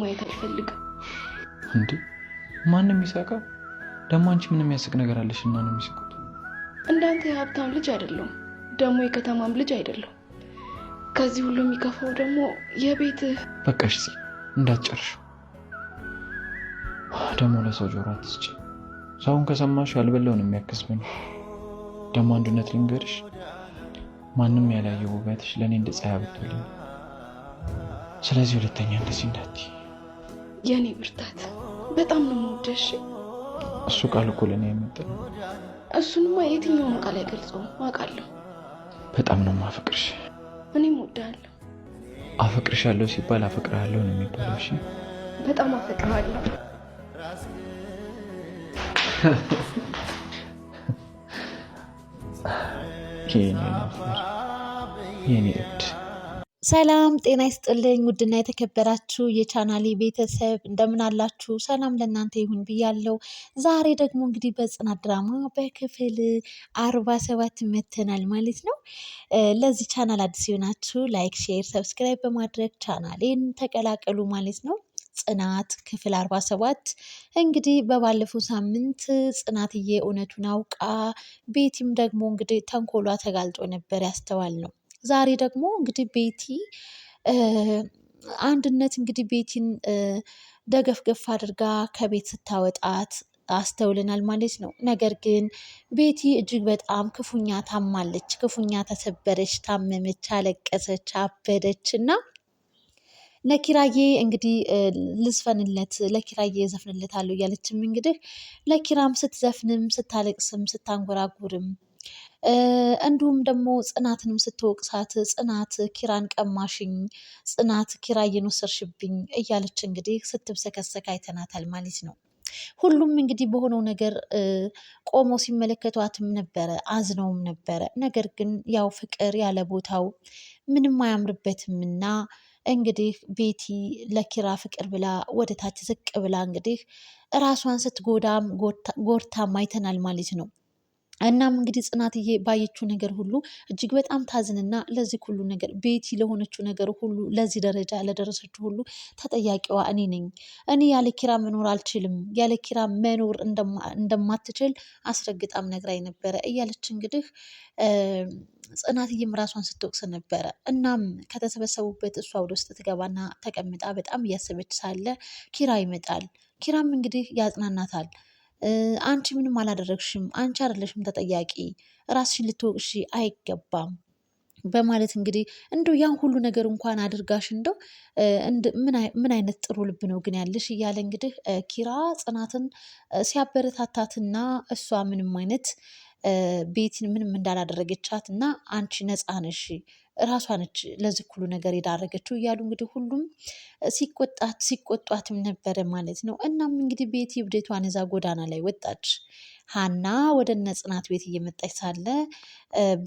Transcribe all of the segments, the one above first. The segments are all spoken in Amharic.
ማየት አልፈልግም። እንዴ ማንም የሚሳቀው ደግሞ አንቺ ምንም የሚያስቅ ነገር አለሽ እና ነው የሚስቁት። እንዳንተ የሀብታም ልጅ አይደለሁም፣ ደግሞ የከተማም ልጅ አይደለሁም። ከዚህ ሁሉ የሚከፋው ደግሞ የቤት በቃሽ፣ ሲ እንዳትጨርሽ ደግሞ ለሰው ጆሮ አትስጭ። ሰውን ከሰማሽ ያልበላው ነው የሚያከስብን። ደግሞ አንዱነት ልንገርሽ፣ ማንም ያላየው ውበትሽ ለእኔ እንደ ፀሐይ አብቶልኝ። ስለዚህ ሁለተኛ እንደዚህ እንዳትዪ የኔ ብርታት በጣም ነው የምወደሽ። እሱ ቃል እኮ ለእኔ የምጥል እሱንማ የትኛውን ቃል አይገልጸውም አውቃለሁ። በጣም ነው ማፈቅርሽ። እኔም እወድሃለሁ። አፈቅርሻለሁ ሲባል አፈቅርሃለሁ ነው የሚባለው። እሺ በጣም አፈቅርሃለሁ። የኔ ነበር የኔ እድ ሰላም ጤና ይስጥልኝ። ውድና የተከበራችሁ የቻናሌ ቤተሰብ እንደምን አላችሁ? ሰላም ለእናንተ ይሁን ብያለው። ዛሬ ደግሞ እንግዲህ በጽናት ድራማ በክፍል አርባ ሰባት መተናል ማለት ነው። ለዚህ ቻናል አዲስ ሲሆናችሁ ላይክ፣ ሼር፣ ሰብስክራይብ በማድረግ ቻናሌን ተቀላቀሉ ማለት ነው። ጽናት ክፍል አርባ ሰባት እንግዲህ በባለፈው ሳምንት ጽናትዬ እውነቱን አውቃ ቤቲም ደግሞ እንግዲህ ተንኮሏ ተጋልጦ ነበር ያስተዋል ነው ዛሬ ደግሞ እንግዲህ ቤቲ አንድነት እንግዲህ ቤቲን ደገፍገፍ አድርጋ ከቤት ስታወጣት አስተውለናል ማለት ነው። ነገር ግን ቤቲ እጅግ በጣም ክፉኛ ታማለች፣ ክፉኛ ተሰበረች፣ ታመመች፣ አለቀሰች፣ አበደች እና ለኪራዬ እንግዲህ ልዝፈንለት ለኪራዬ ዘፍንለት አለው እያለችም እንግዲህ ለኪራም ስትዘፍንም ስታለቅስም ስታንጎራጉርም እንዲሁም ደግሞ ጽናትንም ስትወቅሳት ጽናት ኪራን ቀማሽኝ፣ ጽናት ኪራ እየወሰድሽብኝ እያለች እንግዲህ ስትብሰከሰክ አይተናታል ማለት ነው። ሁሉም እንግዲህ በሆነው ነገር ቆመው ሲመለከቷትም ነበረ፣ አዝነውም ነበረ። ነገር ግን ያው ፍቅር ያለ ቦታው ምንም አያምርበትም እና እንግዲህ ቤቲ ለኪራ ፍቅር ብላ ወደ ታች ዝቅ ብላ እንግዲህ ራሷን ስትጎዳም ጎርታ አይተናል ማለት ነው። እናም እንግዲህ ጽናትዬ ባየችው ነገር ሁሉ እጅግ በጣም ታዝንና ለዚህ ሁሉ ነገር ቤቲ ለሆነችው ነገር ሁሉ ለዚህ ደረጃ ለደረሰችው ሁሉ ተጠያቂዋ እኔ ነኝ። እኔ ያለ ኪራ መኖር አልችልም፣ ያለ ኪራ መኖር እንደማትችል አስረግጣም ነግራኝ ነበረ እያለች እንግዲህ ጽናትዬም ራሷን ስትወቅስ ነበረ። እናም ከተሰበሰቡበት እሷ ወደ ውስጥ ትገባና ተቀምጣ በጣም እያሰበች ሳለ ኪራ ይመጣል። ኪራም እንግዲህ ያጽናናታል። አንቺ ምንም አላደረግሽም፣ አንቺ አይደለሽም ተጠያቂ፣ ራስሽን ልትወቅሽ አይገባም በማለት እንግዲህ እንደው ያን ሁሉ ነገር እንኳን አድርጋሽ እንደው ምን አይነት ጥሩ ልብ ነው ግን ያለሽ እያለ እንግዲህ ኪራ ጽናትን ሲያበረታታትና እሷ ምንም አይነት ቤትን ምንም እንዳላደረገቻት እና አንቺ ነፃ ነሽ ራሷ ነች ለዚህ ሁሉ ነገር የዳረገችው እያሉ እንግዲህ ሁሉም ሲቆጣት ሲቆጧትም ነበረ ማለት ነው። እናም እንግዲህ ቤቲ እብደቷን እዛ ጎዳና ላይ ወጣች። ሀና ወደ እነ ጽናት ቤት እየመጣች ሳለ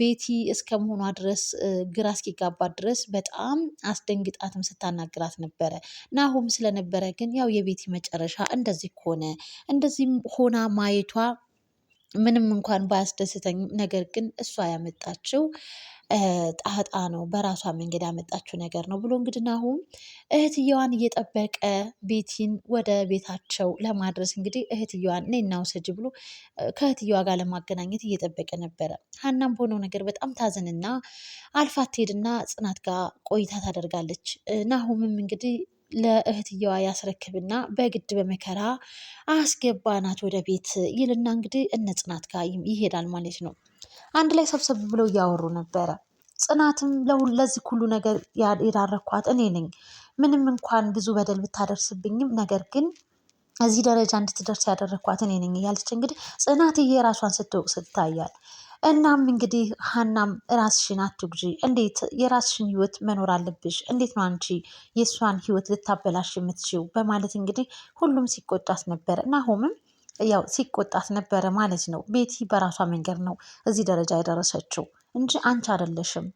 ቤቲ እስከ መሆኗ ድረስ ግራ እስኪጋባት ድረስ በጣም አስደንግጣትም ስታናግራት ነበረ። ናሆም ስለነበረ ግን ያው የቤቲ መጨረሻ እንደዚህ ከሆነ እንደዚህም ሆና ማየቷ ምንም እንኳን ባያስደስተኝም ነገር ግን እሷ ያመጣችው ጣጣ ነው፣ በራሷ መንገድ ያመጣችው ነገር ነው ብሎ እንግዲህ ናሁም እህትየዋን እየጠበቀ ቤቲን ወደ ቤታቸው ለማድረስ እንግዲህ እህትየዋን እኔ እናውሰጅ ብሎ ከእህትየዋ ጋር ለማገናኘት እየጠበቀ ነበረ። ሀናም በሆነው ነገር በጣም ታዝንና አልፋ ትሄድና ጽናት ጋር ቆይታ ታደርጋለች። ናሁምም እንግዲህ ለእህትየዋ ያስረክብና በግድ በመከራ አስገባናት ወደ ቤት ይልና እንግዲህ እነ ጽናት ጋር ይሄዳል ማለት ነው። አንድ ላይ ሰብሰብ ብለው እያወሩ ነበረ። ጽናትም ለዚህ ሁሉ ነገር የዳረኳት እኔ ነኝ። ምንም እንኳን ብዙ በደል ብታደርስብኝም ነገር ግን እዚህ ደረጃ እንድትደርስ ያደረኳት እኔ ነኝ እያለች እንግዲህ ጽናትዬ ራሷን ስትወቅ ትታያል። እናም እንግዲህ ሀናም ራስሽን አትጉጂ፣ እንዴት የራስሽን ህይወት መኖር አለብሽ፣ እንዴት ነው አንቺ የእሷን ህይወት ልታበላሽ የምትችው? በማለት እንግዲህ ሁሉም ሲቆጣት እና ሆምም ያው ሲቆጣት ነበረ ማለት ነው። ቤቲ በራሷ መንገድ ነው እዚህ ደረጃ የደረሰችው እንጂ አንቺ አይደለሽም።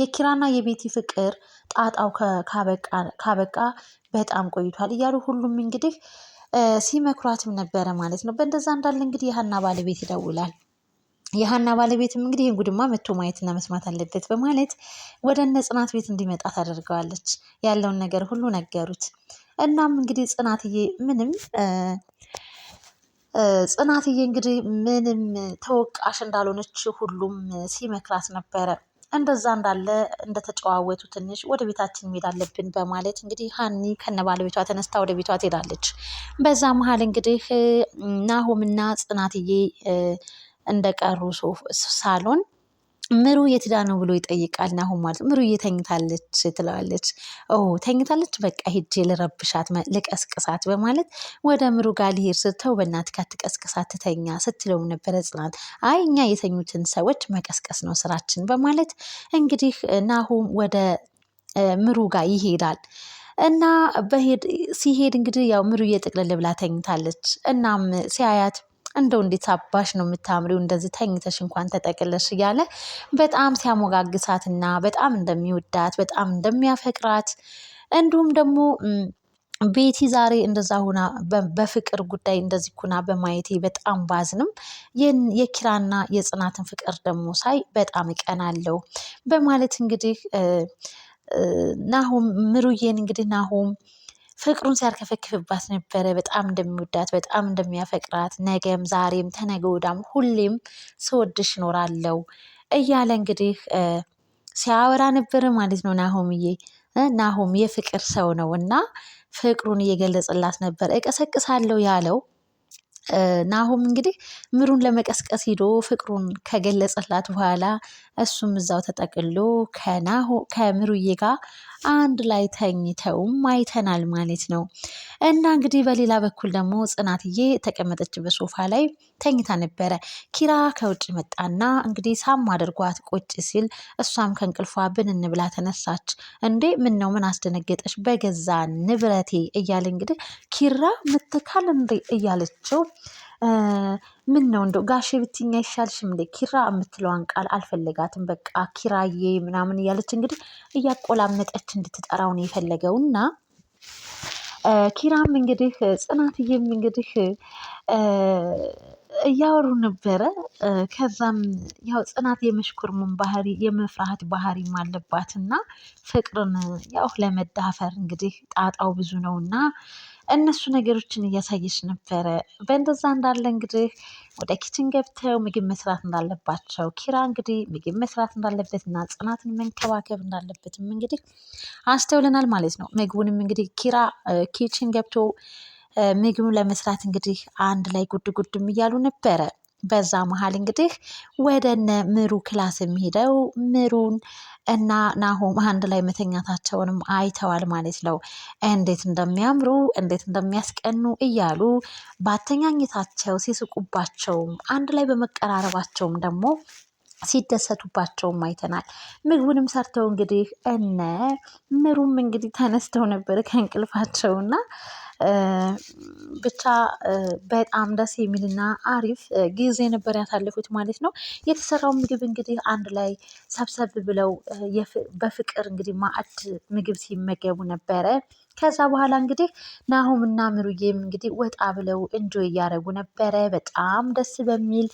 የኪራና የቤቲ ፍቅር ጣጣው ካበቃ በጣም ቆይቷል እያሉ ሁሉም እንግዲህ ሲመክሯትም ነበረ ማለት ነው። በእንደዛ እንዳለ እንግዲህ የሀና ባለቤት ይደውላል። የሀና ባለቤትም እንግዲህ ይህን መቶ ማየትና መስማት አለበት በማለት ወደ እነ ጽናት ቤት እንዲመጣ ታደርገዋለች። ያለውን ነገር ሁሉ ነገሩት። እናም እንግዲህ ጽናትዬ ምንም ጽናትዬ እንግዲህ ምንም ተወቃሽ እንዳልሆነች ሁሉም ሲመክራት ነበረ። እንደዛ እንዳለ እንደተጨዋወቱ ትንሽ ወደ ቤታችን መሄድ አለብን በማለት እንግዲህ ሀኒ ከነ ባለቤቷ ተነስታ ወደ ቤቷ ትሄዳለች። በዛ መሀል እንግዲህ ናሆምና ጽናትዬ እንደቀሩ ሳሎን ምሩ የትዳ ነው ብሎ ይጠይቃል ናሁም ማለት ምሩ ምሩዬ ትለዋለች። ኦ ተኝታለች፣ በቃ ሄጄ ልረብሻት፣ ልቀስቅሳት በማለት ወደ ምሩ ጋር ሊሄድ ስተው በእናትህ አትቀስቅሳት ትተኛ ስትለውም ነበረ ጽናት። አይ እኛ የተኙትን ሰዎች መቀስቀስ ነው ስራችን በማለት እንግዲህ ናሁም ወደ ምሩ ጋር ይሄዳል እና በሄድ ሲሄድ እንግዲህ ያው ምሩ ጥቅልል ብላ ተኝታለች። እናም ሲያያት እንደው እንዴት አባሽ ነው የምታምሪው እንደዚህ ተኝተሽ እንኳን ተጠቅለሽ እያለ በጣም ሲያሞጋግሳትና በጣም እንደሚወዳት በጣም እንደሚያፈቅራት እንዲሁም ደግሞ ቤቲ ዛሬ እንደዛ ሁና በፍቅር ጉዳይ እንደዚህ ሁና በማየቴ በጣም ባዝንም የኪራና የጽናትን ፍቅር ደግሞ ሳይ በጣም እቀናለሁ በማለት እንግዲህ ናሁም ምሩዬን እንግዲህ ናሁም ፍቅሩን ሲያርከፈክፍባት ነበረ። በጣም እንደሚወዳት በጣም እንደሚያፈቅራት ነገም፣ ዛሬም፣ ተነገ ወዲያም ሁሌም ስወድሽ እኖራለሁ እያለ እንግዲህ ሲያወራ ነበረ ማለት ነው ናሆምዬ ናሆም የፍቅር ሰው ነው እና ፍቅሩን እየገለጽላት ነበር። እቀሰቅሳለሁ ያለው ናሆም እንግዲህ ምሩን ለመቀስቀስ ሂዶ ፍቅሩን ከገለጸላት በኋላ እሱም እዛው ተጠቅሎ ከምሩዬ ጋር አንድ ላይ ተኝተውም አይተናል ማለት ነው። እና እንግዲህ በሌላ በኩል ደግሞ ጽናትዬ ተቀመጠች በሶፋ ላይ ተኝታ ነበረ። ኪራ ከውጭ መጣና እንግዲህ ሳም አድርጓት ቁጭ ሲል እሷም ከእንቅልፏ ብንን ብላ ተነሳች። እንዴ ምን ነው ምን አስደነገጠች? በገዛ ንብረቴ እያለ እንግዲህ ኪራ ምትካል እንዴ እያለችው ምን ነው እንደው ጋሼ ብትኛ ይሻልሽም እንዴ ኪራ የምትለዋን ቃል አልፈለጋትም። በቃ ኪራዬ ምናምን እያለች እንግዲህ እያቆላመጠች እንድትጠራው ነው የፈለገው እና ኪራም እንግዲህ ጽናትዬም እንግዲህ እያወሩ ነበረ። ከዛም ያው ጽናት የመሽኩርሙን ባህሪ የመፍራት ባህሪም አለባት እና ፍቅርን ያው ለመዳፈር እንግዲህ ጣጣው ብዙ ነው እና እነሱ ነገሮችን እያሳየች ነበረ። በእንደዛ እንዳለ እንግዲህ ወደ ኪችን ገብተው ምግብ መስራት እንዳለባቸው ኪራ እንግዲህ ምግብ መስራት እንዳለበት እና ጽናትን መንከባከብ እንዳለበትም እንግዲህ አስተውለናል ማለት ነው። ምግቡንም እንግዲህ ኪራ ኪችን ገብቶ ምግቡን ለመስራት እንግዲህ አንድ ላይ ጉድ ጉድም እያሉ ነበረ። በዛ መሃል እንግዲህ ወደ እነ ምሩ ክላስ የሚሄደው ምሩን እና ናሆም አንድ ላይ መተኛታቸውንም አይተዋል ማለት ነው። እንዴት እንደሚያምሩ እንዴት እንደሚያስቀኑ እያሉ በአተኛኘታቸው ሲስቁባቸውም አንድ ላይ በመቀራረባቸውም ደግሞ ሲደሰቱባቸውም አይተናል። ምግቡንም ሰርተው እንግዲህ እነ ምሩም እንግዲህ ተነስተው ነበር ከእንቅልፋቸውና ብቻ በጣም ደስ የሚልና አሪፍ ጊዜ ነበር ያሳለፉት ማለት ነው። የተሰራው ምግብ እንግዲህ አንድ ላይ ሰብሰብ ብለው በፍቅር እንግዲህ ማዕድ ምግብ ሲመገቡ ነበረ። ከዛ በኋላ እንግዲህ እና ምሩዬም እንግዲህ ወጣ ብለው እንጆ እያደረጉ ነበረ። በጣም ደስ በሚል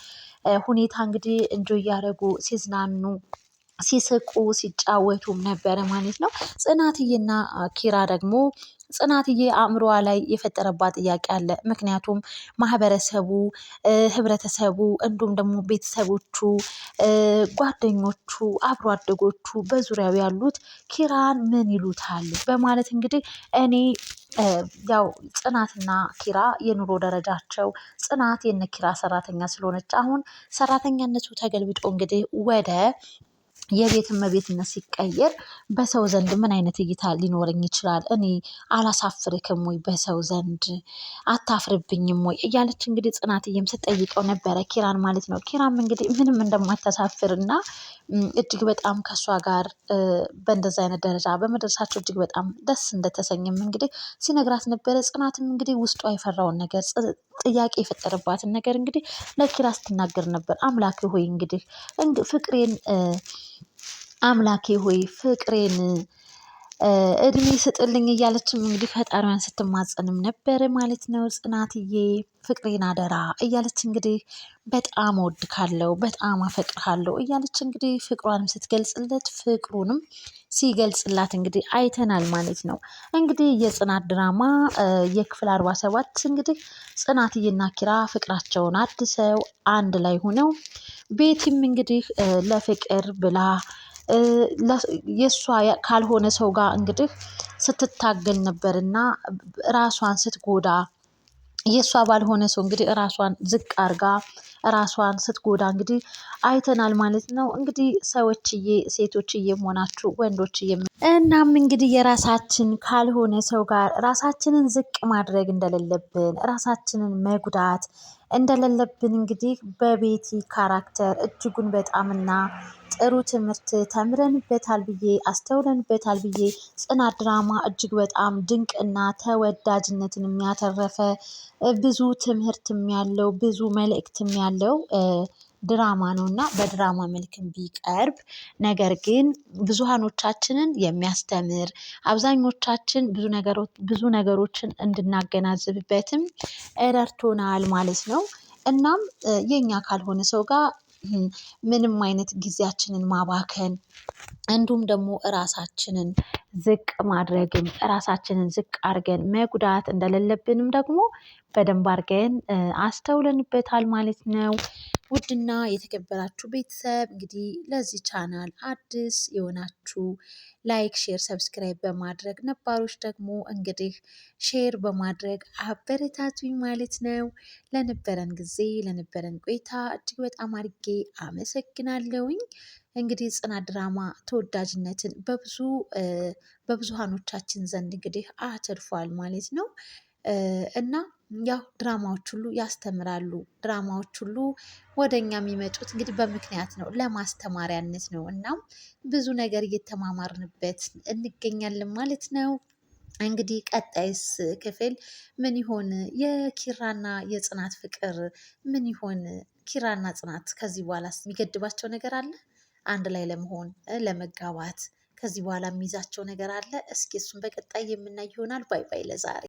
ሁኔታ እንግዲህ እንጆ እያደረጉ ሲዝናኑ ሲስቁ ሲጫወቱም ነበረ ማለት ነው። ጽናትዬና ኪራ ደግሞ ጽናትዬ አእምሮዋ ላይ የፈጠረባት ጥያቄ አለ። ምክንያቱም ማህበረሰቡ፣ ህብረተሰቡ እንዲሁም ደግሞ ቤተሰቦቹ፣ ጓደኞቹ፣ አብሮ አደጎቹ፣ በዙሪያው ያሉት ኪራን ምን ይሉታል በማለት እንግዲህ እኔ ያው ጽናትና ኪራ የኑሮ ደረጃቸው ጽናት የነ ኪራ ሰራተኛ ስለሆነች አሁን ሰራተኛነቱ ተገልብጦ እንግዲህ ወደ የቤት እመቤትነት ሲቀየር በሰው ዘንድ ምን አይነት እይታ ሊኖረኝ ይችላል? እኔ አላሳፍርክም ወይ? በሰው ዘንድ አታፍርብኝም ወይ? እያለች እንግዲህ ጽናትዬም ስጠይቀው ነበረ ኪራን ማለት ነው። ኪራም እንግዲህ ምንም እንደማታሳፍር እና እጅግ በጣም ከእሷ ጋር በእንደዚ አይነት ደረጃ በመድረሳቸው እጅግ በጣም ደስ እንደተሰኘም እንግዲህ ሲነግራት ነበረ። ጽናትም እንግዲህ ውስጧ የፈራውን ነገር ጥያቄ የፈጠረባትን ነገር እንግዲህ ለኪራ ስትናገር ነበር። አምላክ ሆይ እንግዲህ ፍቅሬን አምላኬ ሆይ ፍቅሬን እድሜ ስጥልኝ እያለችም እንግዲህ ፈጣሪዋን ስትማጸንም ነበር ማለት ነው። ጽናትዬ ፍቅሬን አደራ እያለች እንግዲህ በጣም ወድካለው በጣም አፈቅርሃለሁ እያለች እንግዲህ ፍቅሯንም ስትገልጽለት ፍቅሩንም ሲገልጽላት እንግዲህ አይተናል ማለት ነው። እንግዲህ የጽናት ድራማ የክፍል አርባ ሰባት እንግዲህ ጽናትዬና ኪራ ፍቅራቸውን አድሰው አንድ ላይ ሆነው ቤቲም እንግዲህ ለፍቅር ብላ የእሷ ካልሆነ ሰው ጋር እንግዲህ ስትታገል ነበርና ራሷን ስትጎዳ የእሷ ባልሆነ ሰው እንግዲህ ራሷን ዝቅ አርጋ ራሷን ስትጎዳ እንግዲህ አይተናል ማለት ነው። እንግዲህ ሰዎችዬ፣ ሴቶችዬ ሆናችሁ ወንዶችዬ፣ እናም እንግዲህ የራሳችን ካልሆነ ሰው ጋር ራሳችንን ዝቅ ማድረግ እንደሌለብን ራሳችንን መጉዳት እንደሌለብን እንግዲህ በቤቲ ካራክተር እጅጉን በጣምና ጥሩ ትምህርት ተምረንበታል ብዬ አስተውለንበታል ብዬ ጽናት ድራማ እጅግ በጣም ድንቅ እና ተወዳጅነትን የሚያተረፈ ብዙ ትምህርትም ያለው ብዙ መልእክትም ያለው ድራማ ነው እና በድራማ መልክም ቢቀርብ ነገር ግን ብዙሃኖቻችንን የሚያስተምር አብዛኞቻችን ብዙ ነገሮችን እንድናገናዝብበትም ረድቶናል ማለት ነው። እናም የኛ ካልሆነ ሰው ጋር ምንም አይነት ጊዜያችንን ማባከን እንዲሁም ደግሞ እራሳችንን ዝቅ ማድረግን እራሳችንን ዝቅ አድርገን መጉዳት እንደሌለብንም ደግሞ በደንብ አድርገን አስተውለንበታል ማለት ነው። ውድና የተከበራችሁ ቤተሰብ እንግዲህ ለዚህ ቻናል አዲስ የሆናችሁ ላይክ፣ ሼር፣ ሰብስክራይብ በማድረግ ነባሮች ደግሞ እንግዲህ ሼር በማድረግ አበረታቱኝ ማለት ነው። ለነበረን ጊዜ ለነበረን ቆይታ እጅግ በጣም አድርጌ አመሰግናለሁኝ። እንግዲህ ጽናት ድራማ ተወዳጅነትን በብዙ በብዙሃኖቻችን ዘንድ እንግዲህ አትርፏል ማለት ነው እና ያው ድራማዎች ሁሉ ያስተምራሉ። ድራማዎች ሁሉ ወደ እኛ የሚመጡት እንግዲህ በምክንያት ነው፣ ለማስተማሪያነት ነው። እናም ብዙ ነገር እየተማማርንበት እንገኛለን ማለት ነው። እንግዲህ ቀጣይስ ክፍል ምን ይሆን? የኪራና የጽናት ፍቅር ምን ይሆን? ኪራና ጽናት ከዚህ በኋላ የሚገድባቸው ነገር አለ? አንድ ላይ ለመሆን ለመጋባት ከዚህ በኋላ የሚይዛቸው ነገር አለ። እስኪ እሱን በቀጣይ የምናይ ይሆናል። ባይ ባይ ለዛሬ